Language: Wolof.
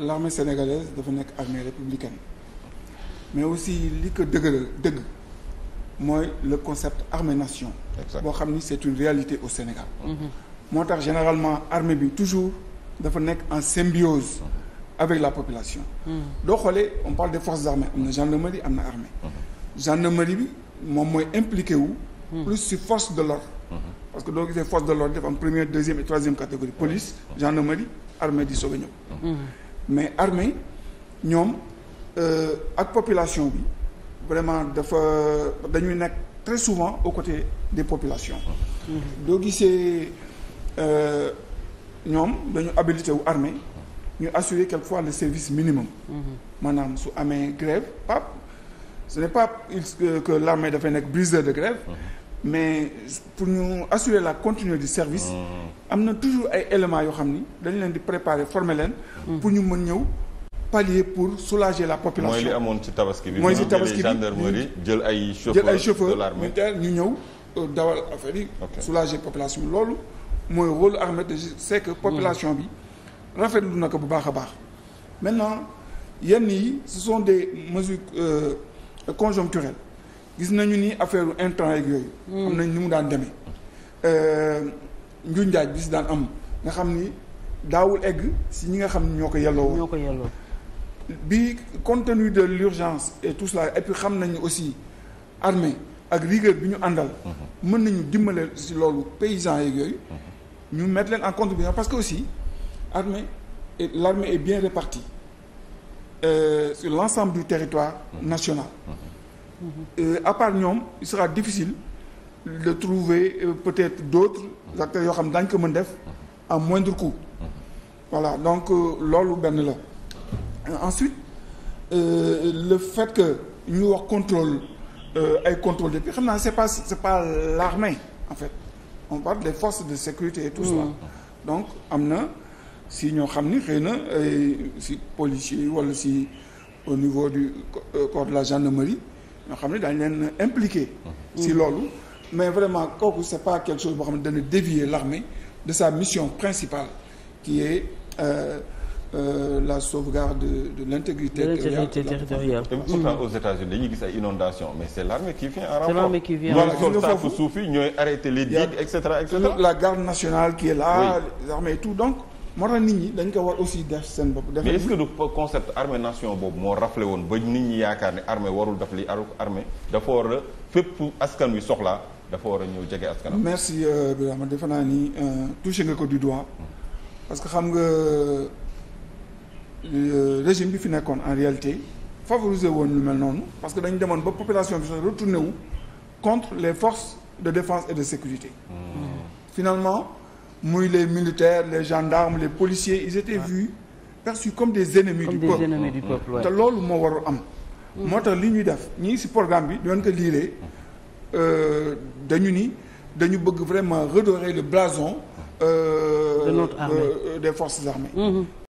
l'armée sénégalaise dafa nekk armée républicaine mais aussi li ko dëgëral dëgg mooy le concept armée nation boo xam ni c'est une réalité au Sénégal mhm. moo tax généralement armée bi toujours dafa nekk en symbiose avec la population mhm. doo xoolee on parle des forces armées am na gendarmerie am na armée mhm. gendarmerie bi moom mooy impliqué wu plus si force de l'ordre parce que doo gisee force de l'ordre dafa am première deuxième et troisième catégorie police mais armée ñoom euh, ak population bi vraiment dafa dañuy nekk très souvent au côté des populations. doo gisee euh, ñoom dañu habilité wu armée ñu assurer quelquefois le service minimum. maanaam su amee grève pap ce n'est pas euh, que l'armée dafay nekk briseur de grève. mais pour ñu assurer la continuité du service. am na toujours ay éléments yoo xam ni dañu leen di préparer former leen. pour ñu mën ñëw pallier pour soulager la population. mooy li amoon ci tabaski bi. mooy ci tabaski bi gendarmerie jël ay. chauffeurs jël ay chauffeurs ñu ñëw euh, dawal affaire yi. soulager population bi loolu mooy rôle armée de c'est que population bi rafetlu na ko bu baax a baax. maintenant yenn yi ce sont des mesures euh, conjoncturelles. gis nañu ni affaire intrant yeeg yooyu. Hmm. xam nañ ni mu daan demee. Euh, njuñ njaaj bis daan am nga xam ni daawul egg si ñi nga xam ni ñoo ko yelloo. bi contenu de l'urgence et tout cela et puis xam nañu aussi armée ak rigueur bi ñu àndal. Hmm. mën nañu dimbale si loolu paysans yeeg yooyu. Hmm. ñu mettre leen en contribution parce que aussi armée et l'armée est bien répartie euh, sur l'ensemble du territoire national. Euh, à part ñoom il sera difficile de trouver euh, peut-être d'autres acteurs yoo xam ne daañu ko mën def à moindre coût voilà donc euh, loolu benn la ensuite le fait que ñu wax contrôle ay contrôle depuis xam naa c'est pas c'est pas l'armée en fait on parle des forces de sécurité et tout ça mm. donc am na si ñoo xam ni xëy na si policiers wala si au niveau du corps de la gendarmerie ñoo xam ne daañu leen impliqué. si loolu mais vraiment kooku c' est pas quelque chose boo xam ne dana dévier l' de sa mission principale qui est euh, euh, la sauvegarde de, de l' intégrité territoriale et pourtant aux États-Unis gis ay inondation mais c' est l' armée qui vient en renfort ñooy sol saaku suuf yi ñooy arrêté les digues et cetera la garde nationale qui est là oui. les tout donc moo tax nit ñi dañ ko war aussi def seen bopp. def mais est-ce que du concept armée nation boobu moo raflé woon ba nit ñi yaakaar ne armée warul def li armée dafa war a fépp askan wi soxlaa dafa war a ñëw jege askanam. merci euh, Birama defe naa ni euh, touché nga ko du doigt parce que xam nga euh, régime bi fi nekkoon en réalité favoriser woon lu mel noonu parce que dañ demoon ba population bi sax retourné wu contre les forces de défense et de sécurité. Hmm. finalement. muy les militaires les gendarmes les policiers ils étaient vus perçus comme des ennemis comme du peuple ennemis du peuple te loolu moo warul am moo tax li ñuy def ñii ci programme bi doon ko liiree euh, dañu ni dañu bëgg vraiment redorer le blason euh, de notre euh, des forces armées mm